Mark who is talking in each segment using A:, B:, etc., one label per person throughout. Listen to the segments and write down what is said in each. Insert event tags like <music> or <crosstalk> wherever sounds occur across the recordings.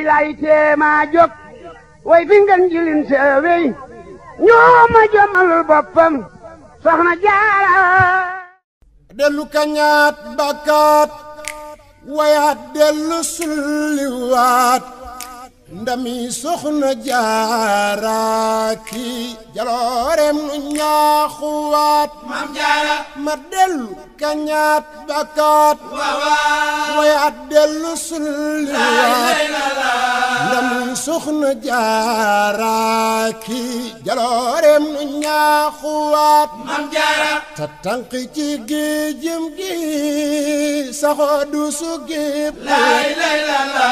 A: ilay teema jóg way fi ngeen seewey ñoo ma jëmalul boppam soxna jaara dellu kañaat bakkaat wayaat dellu sulliwaat ndami soxna jaaraaki jaloorem nu ñaaxuwaat mam jaara ma dellu kañaat bakaat wawaat wayaat dellu sulliwaat nam soxna jaara ki jaloorem nu ñaaxuwaat mam jaara ta tànk ci géejëm gi saxoo du su géeb lay lay la la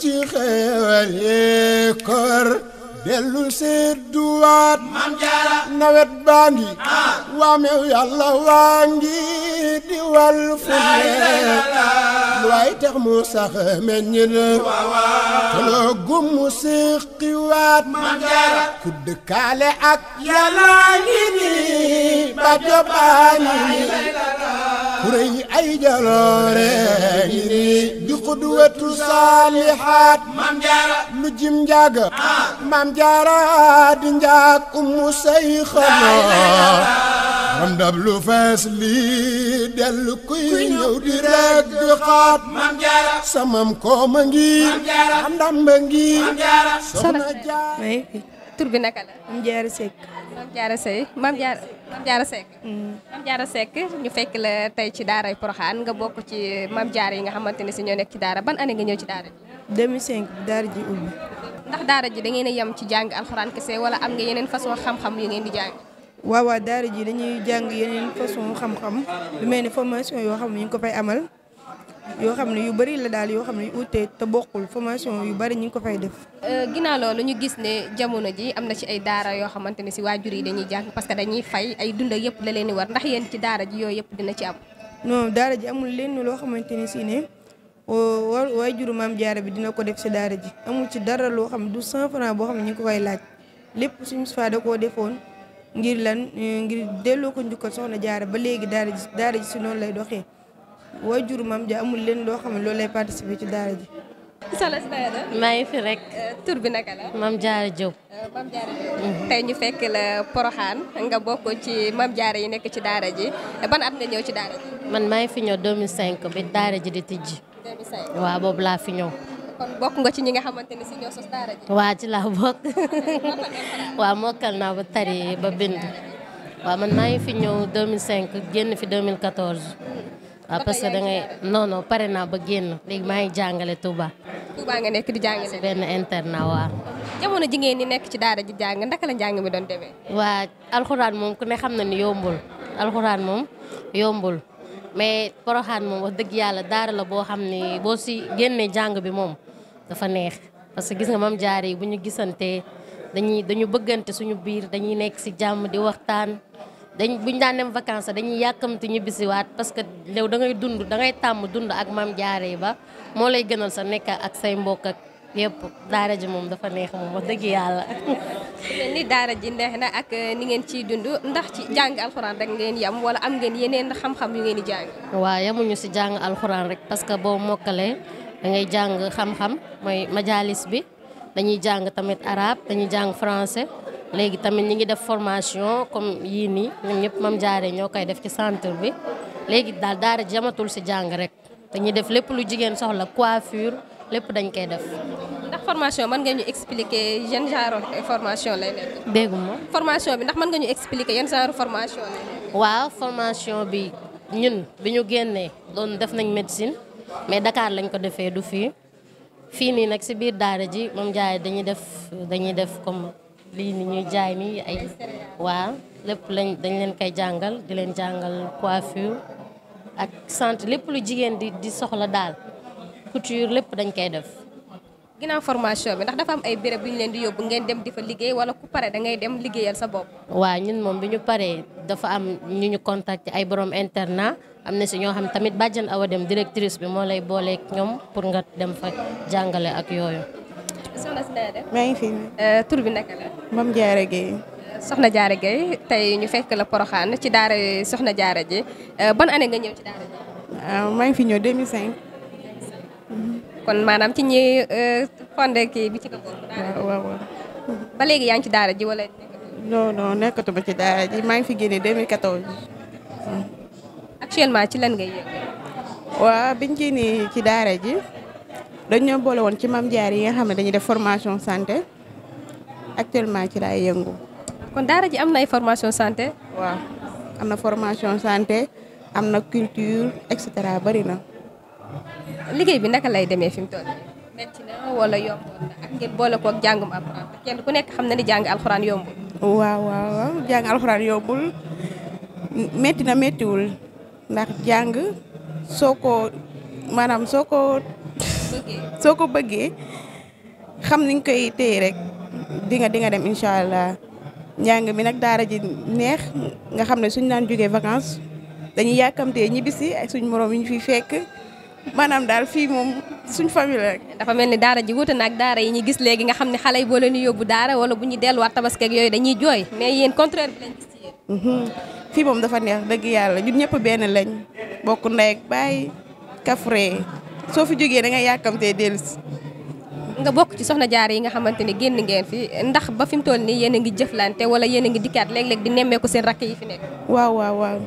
A: ci xeewal yi kor dellul sedduwaat maam jaara nawet baa ngi waamew yàlla waa ngi di wal fu lu waay tax mu sax meññ na toloo gum mu siqiwaat maam jaara ku dëkkaale ak yàlla ngi ni ba jobaa ngi ku rëy ay jaloore di xudwatu saalihaat lu jim njaaga maam jaara di njaag ummu say xanaa am ndab lu fees lii dellu kuy ñëw di rek xaat samam kooma ngi am ndam ba ngi soxna
B: tur bi naka la. Mame Diarra Seck. Mame Diarra Sey Mame Diarra Mame Diarra Seck. Mm. Mame ñu fekk la tey ci daaray Poroxaan nga bokk ci Mame jaar yi nga xamante ne si ñoo nekk ci daara ban année nga ñëw ci daara ji.
C: 2005 daara ji ubbi.
B: ndax daara ji da ngeen yem ci jàng alxuraan kese wala am nga yeneen façon xam-xam yu ngeen di jàng.
C: waaw waaw daara ji dañuy jàng yeneen façon xam-xam lu mel formation yoo xam ne ñu ko fay amal. yoo xam ne yu bari la daal yoo xam ne yu utee te bokkul formation yu bari ñu ngi ko fay def.
B: Euh, ginnaaw loolu ñu gis ne jamono ji am na ci ay daara yoo xamante ne si waajur yi dañuy jàng parce que dañuy fay ay dunda yëpp la leen di war ndax yéen ci daara ji yooyu yëpp dina ci am.
C: non daara ji amul lenn loo xamante ne si ne waajuru maam jaara bi dina ko def si daara ji amul ci dara loo xam du 100 boo xam ne ñu ko koy laaj lépp suñu faa koo defoon ngir lan ngir delloo ko njukkal soxna jaara ba léegi daara ji daara ji si noonu lay doxee. waa waajur maam ja amul leen loo xam ne loolu lay participer ci daara ji.
D: maa ngi fi rek. Euh, tur bi naka la. maam jaar Diop. Euh, maam Diarra Diop.
B: tey ñu fekk la Poroxaan nga bokk ci maam Diarra yi nekk ci daara ji ban at nga ñëw ci daara ji.
D: man maa ngi fi ñëw 2005 bi daara ji di tijji. 2005 waaw boobu laa fi ñëw. bokk nga ci ñi nga xamante
B: ni si ñoo sos daara ji. waa
D: ci laa bokk. <laughs> waaw mokkal naa ba tari ba bind. waaw man maa ngi fi ñëw 2005 génn fi 2014. waaw ah, parce que da ngay non non pare naa ba génn léegi maa ngi jàngale Touba. Touba nga nekk di jàngale si benn internat waaw. jamono ji ngeen ni nekk ci daara ji jàng ndaka la njàng mi doon demee. waa alxuraan moom ku ne xam na ni yombul alxuraan moom yombul mais poroxaan moom wax dëgg yàlla daara la boo xam ne boo si génnee jàng bi moom dafa neex parce que gis nga mam jaare bu ñu gisantee dañuy dañu bëggante suñu biir dañuy nekk si jàmm di waxtaan. dañ buñ daan dem vacances dañuy yàkkamti ñibbisiwaat parce que léew da ngay dund da ngay tàmm dund ak maam jaare yi ba moo lay gënal sa nekk ak say mbokk ak yëpp daara ji moom dafa neex moom wax dëgg yàlla. mel ni daara
B: na ak eh, ni ngeen ciy dund ndax ci jàng alxuraan rek ngeen yam wala am ngeen yeneen xam-xam yu ngeen
D: di jàng. waaw yamuñu si jàng alxuraan rek parce que boo mokkalee da ngay jàng xam-xam mooy majalis bi dañuy jàng tamit arabe dañuy jàng français. léegi tamit ñi ngi def formation comme yii nii ñoom ñëpp mam jaare ñoo koy def ci centre bi léegi daal daara jamatul si jàng rek dañuy def lépp lu jigéen soxla coiffure lépp dañ koy def.
B: ndax formation mën nga ñu expliquer yan genre formation lay nekk.
D: dégguma formation bi ndax mën nga ñu expliquer yan formation waaw formation bi bi ñu génnee doon def nañ médecine mais Dakar lañ ko defee du fii fii nii nag si biir daara ji mam jaaree dañuy def dañuy def comme. lii ni ñuy jaay mi ay waa lépp lañ dañ leen koy jàngal di leen jàngal coiffure ak sant lépp lu jigéen di di soxla daal couture lépp dañ koy def
B: ginnaaw formation bi ndax dafa am ay béréb yu ñu leen di yóbbu ngeen dem di fa liggéey wala ku pare da ngay dem
D: liggéeyal sa bopp waa ñun moom bi ñu paree dafa am ñu ñu contacté ay borom internat am na si ñoo xam tamit bàjjan awa dem directrice bi moo lay booleek ñoom pour nga dem fa jàngale ak yooyu
B: soxna si def. maa ngi fi. Eh, tur bi naka la. moom Diarra Gueye. soxna Diarra Gueye tey ñu fekk la Porokhane ci daara soxna Diarra ji eh, ban année nga ñëw ci daara ji.
E: Ah, maa ngi fi ñëw 2005.
B: kon maanaam ci ñi eh, fondé kii bi ci la léegi yaa ngi ci daara ji wala.
E: non non nekkatuma ci daara maa ngi fi génnee 2014. actuellement ci lan ngay yëg. waaw biñ génnee ci daara ji. dañ boole woon ci Mame Diarra yi nga xam ne dañuy def formation santé actuellement ci laay yëngu.
B: kon daara ji am na ay formation santé. waaw
E: am na formation santé am na
B: culture et cetera bari na. liggéey bi naka lay demee fi mu toll metti na wala yomboon boole koog jàngum alxuraan ku nekk xam na ni jàng alxuraan
E: yombul. na mettiwul ndax jàng soo ko maanaam soo ko soo ko bëggee xam ni niñ koy téye rek di nga di dem incha allah njàng mi nag daara ji neex nga xam ne suñ naan jógee vacances dañuy yàkkamtee ñibbisi ak suñ moroom yi ñu fi fekk maanaam daal fii moom suñ famille rek. dafa mel
B: ni daara ji wuute na ak daara yi ñu gis léegi nga xam ne xale yi boo leen yóbbu daara wala bu ñu delluwaat tabaski ak yooyu dañuy jooy
E: mais yéen contraire bi lañ mhm. fii moom dafa neex dëgg yàlla ñun ñëpp benn lañ bokk ndey ak baay kafre soo fi jógee da ngay yàkkamtee dellu si
B: nga bokk ci soxna jaar yi nga xamante ni génn ngeen fi ndax ba fi mu toll nii yéen a ngi jëflante wala yéen a ngi dikkaat léeg-léeg di nemmeeku seen rakk yi fi nekk.
E: waaw waaw waaw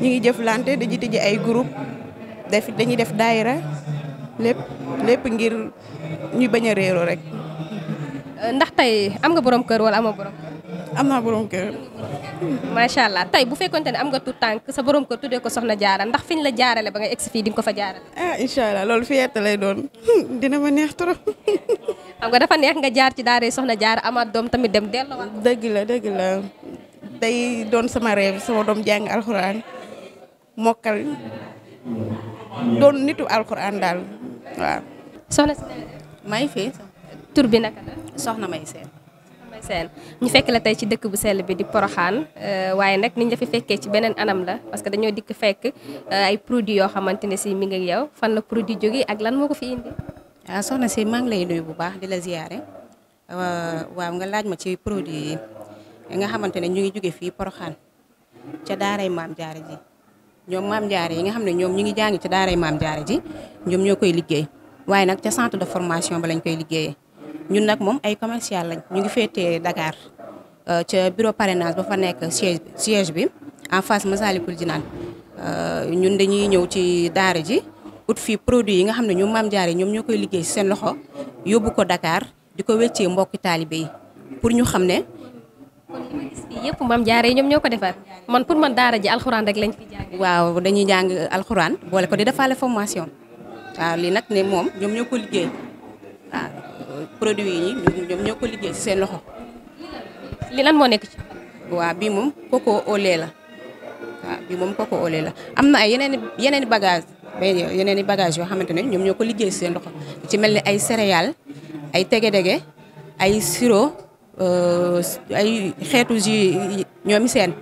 E: ñu ngi jëflante dañuy tëj ay groupe def dañuy def daayara lépp lépp ngir ñu bañ a réeroo rek.
B: ndax tey am nga borom kër wala amoo borom
E: am na borom kër.
B: macha allah tey bu fekkonte ne am nga tout tànk sa borom kër tuddee ko soxna jaara ndax fiñ la jaarale ba nga egsi fii di ko fa jaarale.
E: ah incha allah loolu fi yette lay doon <laughs> dina ma neex trop.
B: xam nga dafa neex nga jaar ci daaree soxna jaara amaat doom tamit dem delloowaat. dëgg la dëgg
E: la day sama rêve sama doom jàng alxuraan mokkal doon nitu alxuraan daal waaw.
B: maa ngi fi. bi naka la soxna may seen. may seen ñu fekk la tey ci dëkk bu sell bi di Poroxaan euh, waaye nag niñ la fi fekkee ci beneen anam la parce que dañoo dikk fekk euh,
C: ay produits yoo xamante ne si mi ngi yow fan la produit jóge ak lan moo ko fi ah, soxna si maa ngi lay nuyu bu baax di la ziyaare euh, waaw nga laaj ma ci produit yi nga xamante ne ñu ngi jóge fii Poroxaan ca daaray maam jaare ji ñoom maam jaare yi nga xam ne ñoom ñu ngi jàngi ca daaray maam jaare ji ñoom ñoo koy liggéey waaye nag ca centre de formation ba lañ koy liggéeyee. ñun nag moom ay commercial lañ ñu ngi féetee dakaar euh, ca bureau parrainage ba fa nekk siège siège bi en face Massalikul Jinaan euh, ñun dañuy ñëw ci daara ji ut fii produit yi nga xam ne ñu maam jaare ñoom ñoo koy liggéey seen loxo yóbbu ko Dakar di ko wéccee mbokki taalibe yi pour ñu xam ne.
B: kon li ma gis fii yëpp ñoom ñoo ko defar man pour man daara ji alxuraan rek lañ fi
C: jàng. waaw dañuy jàng alxuraan boole ko di defaale formation waaw lii nag ne moom ñoom ñoo ko liggéey produit yi ñoom ñoo ko liggéey ci seen loxo. li lan moo nekk ci. waaw bii moom coco au lait la moom coco au la am na ay yeneen i yeneen i bagages yeneen i bagages yoo xamante ne ñoom ñoo ko liggéey seen loxo ci mel ni ay céréales ay tege-dege ay sirop euh, ay xeetu jus ñoomi seen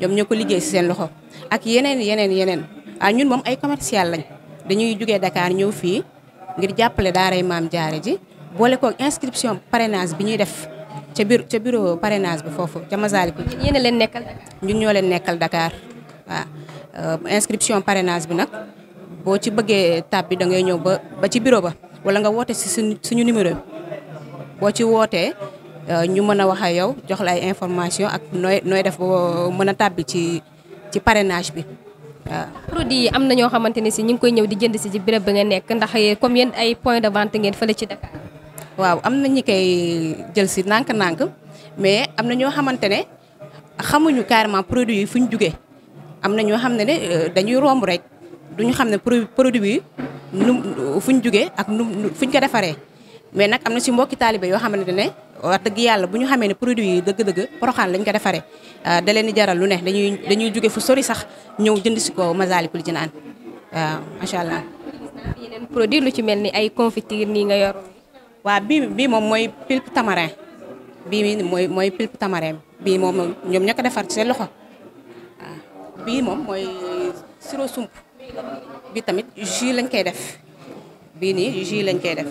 C: ñoom ñoo liggéey si seen loxo ak yeneen yeneen yeneen ah ñun moom ay commercial lañ dañuy jugee Dakar ñëw fii ngir jàppale daaray maam jaare ji boole koog inscription parrainage bi ñuy def ca biir ca bureau parrainage bi foofu ca Masaalikul yéen a leen nekkal ñun ñoo leen nekkal dakaar waaw euh, inscription parrainage bi nag boo ci bëggee tab bi da ngay ñëw ba ba ci bureau ba wala nga woote si suñu suñu numéro boo ci wootee euh, ñu mën a wax a yow jox la ay information ak nooy nooy def boo mën a tàbbi ci ci bi waaw. produit yi
B: am na ñoo xamante ne si ñu ngi koy ñëw di jënd si ci béréb ba nga nekk ndax comme yéen ay point de vente ngeen fa fële ci Dakar.
C: waaw am na ñu koy jël si nànk-nànk mais am na ñoo xamante ne xamuñu carrément produit yi fu ñu jugee am na ñoo xam ne ne euh, dañuy romb rek duñu xam ne produit yi nu fu ñu jugee ak nu fu ko defaree. mais nag am na si mbokki taalibe yoo xamante ne wax dëgg yàlla bu xamee ne produit yi dëgg-dëgg poroxaan lañ ko defaree euh, da leen di jaral lu ne dañuy dañuy jugee fu sori sax ñëw jënd si ko Masaalikul Jinaan waaw macha allah. yeneen produit lu ci mel ni ay confiture nii nga yor. waa bii bii moom mooy pulpe tamarin bii mooy mooy pulpe tamarin bii moom ñoom ña defar ci seen loxo bii moom mooy sirop sump bi tamit jus lañ koy def bii nii jus lañ koy def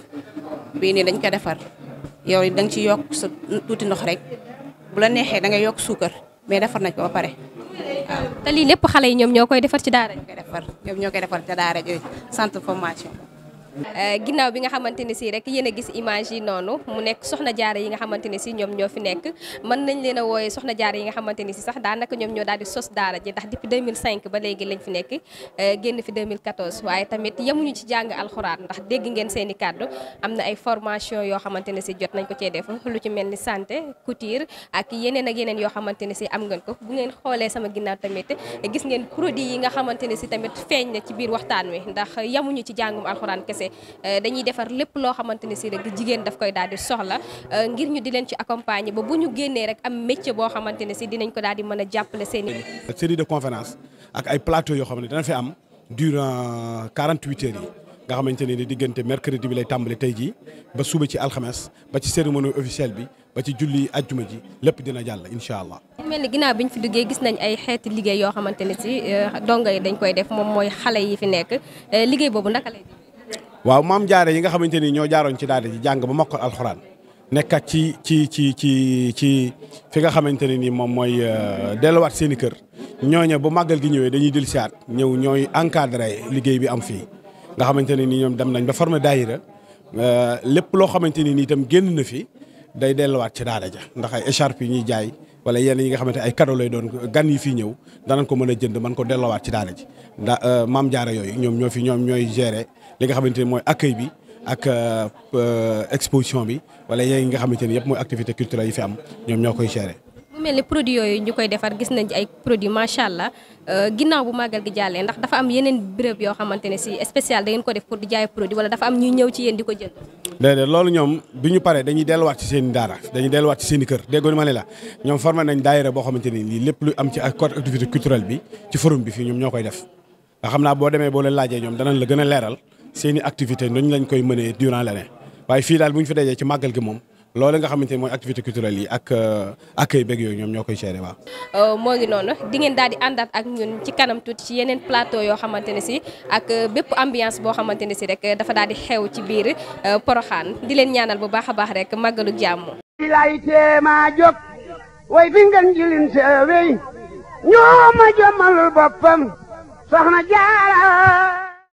C: bii nii dañ ko defar yow da nga ci yokk sa tuuti ndox rek bu la neexee da ngay yokk suukar mais defar nañ ko ba pare waaw. te lii lépp xale yi ñoom ñoo koy defar ci daara. ñoo
B: koy ñoo koy defar ci daara jooju centre formation. Euh, ginnaaw bi nga xamante ne si rek yéen gis image yi noonu mu nekk soxna jaara yi nga xamante ne si ñoom ñoo fi nekk mën nañ leen a wooyee soxna yi nga xamante ne si sax daanaka ñoom ñoo daal di sos daara ji ndax depuis 2005 ba léegi lañ fi nekk euh, génn fi 2014 waaye tamit yemuñu ci jàng alxuraan ndax dégg ngeen seen kàddu am na ay formation yoo xamante ne si jot nañ ko cee def lu ci mel ni santé couture ak yeneen ak yeneen yoo xamante ne si am nga ko bu ngeen xoolee sama ginnaaw tamit gis ngeen produit yi nga xamante ne si tamit feeñ na ci biir waxtaan wi ndax yemuñu ci jàngum alxuraan kese Euh, dañuy defar lépp loo xamante ne si rek jigéen daf koy daal di soxla euh, ngir ñu di leen ci accompagner ba bu ñu génnee rek am métier boo xamante ne si dinañ ko daal di mën a jàppale seen i.
F: de conférence ak ay plateau yoo xam ne dana fi am durant 48 heures yi. nga xamante ne ni diggante mercredi bi lay tàmbale tey jii ba suba ci alxames ba ci cérémonie officielle bi ba ci julli ajjuma ji lépp dina jàll incha allah.
B: mu mel ni ginnaaw bi ñu fi duggee gis nañ ay xeeti liggéey yoo xamante ne si euh, donga yi dañ koy def moom mooy xale yi fi nekk liggéey boobu naka lay.
F: waaw maam jaare yi nga xamante ni ñoo jaaroon ci daara ji jàng ba mokkal alxuraan nekkat ci ci ci ci ci fi nga xamante ne ni moom mooy euh, delluwaat seen i kër ñooñu bu màggal gi ñëwee dañuy si dellusiwaat ñëw ñooy encadré liggéey bi am fii nga xamante ne ni ñoom dem nañ ba former daayira euh, lépp loo xamante ni itam génn na fi day delluwaat ci daara ja ndax ay écharpe yi ñuy jaay wala yenn yi nga xamante ay cadeau lay doon gan yi fii ñëw danañ ko mën a jënd mën ko delluwaat ci daara ji ndax euh, maam jaara yooyu ñoom ñoo fi ñoom ñooy gérer li nga xamante ni mooy accueil bi ak euh, exposition bi wala yéen nga xamante ni yëpp mooy activité culturelle yi fi am ñoom ñoo koy gérer.
B: mu mel ni produit defar gis nañ ci ay produits macha allah euh, bu màggal gi jàllee ndax dafa am yeneen béréb yoo xamante ne si spécial da ngeen ko def pour di jaay produit wala dafa am ñuy ñëw ci yéen di ko
F: loolu ñoom bi ñu paree dañuy delluwaat ci seen i daara dañuy delluwaat ci seen i kër déggoo ma ne la ñoom formé nañ daayira boo xamante ni lii lépp lu am ci côté activité culturelle bi ci forum bi fii ñoom ñoo koy def nga xam naa boo demee boo leen laajee ñoom danañ la gën a leeral seen i activité noonu lañ koy mënee durant l'année waaye fii daal bu ñu fi dajee ci màggal gi moom loolu nga xamante mooy activité culturelle yi ak euh, accueil beeg yooyu ñoom ñoo koy gérer waaw.
B: Euh, di ngeen daal di àndaat ak ñun ci kanam tuuti ci yeneen plateau yoo xamante ne si ak euh, bépp ambiance boo xamante ne si rek dafa daal di xew ci biir Poroxaan di leen ñaanal bu baax a baax rek màggalu jàmm.
A: lay teema jóg way fi ngeen jilin seewey ñoo ma jommalul boppam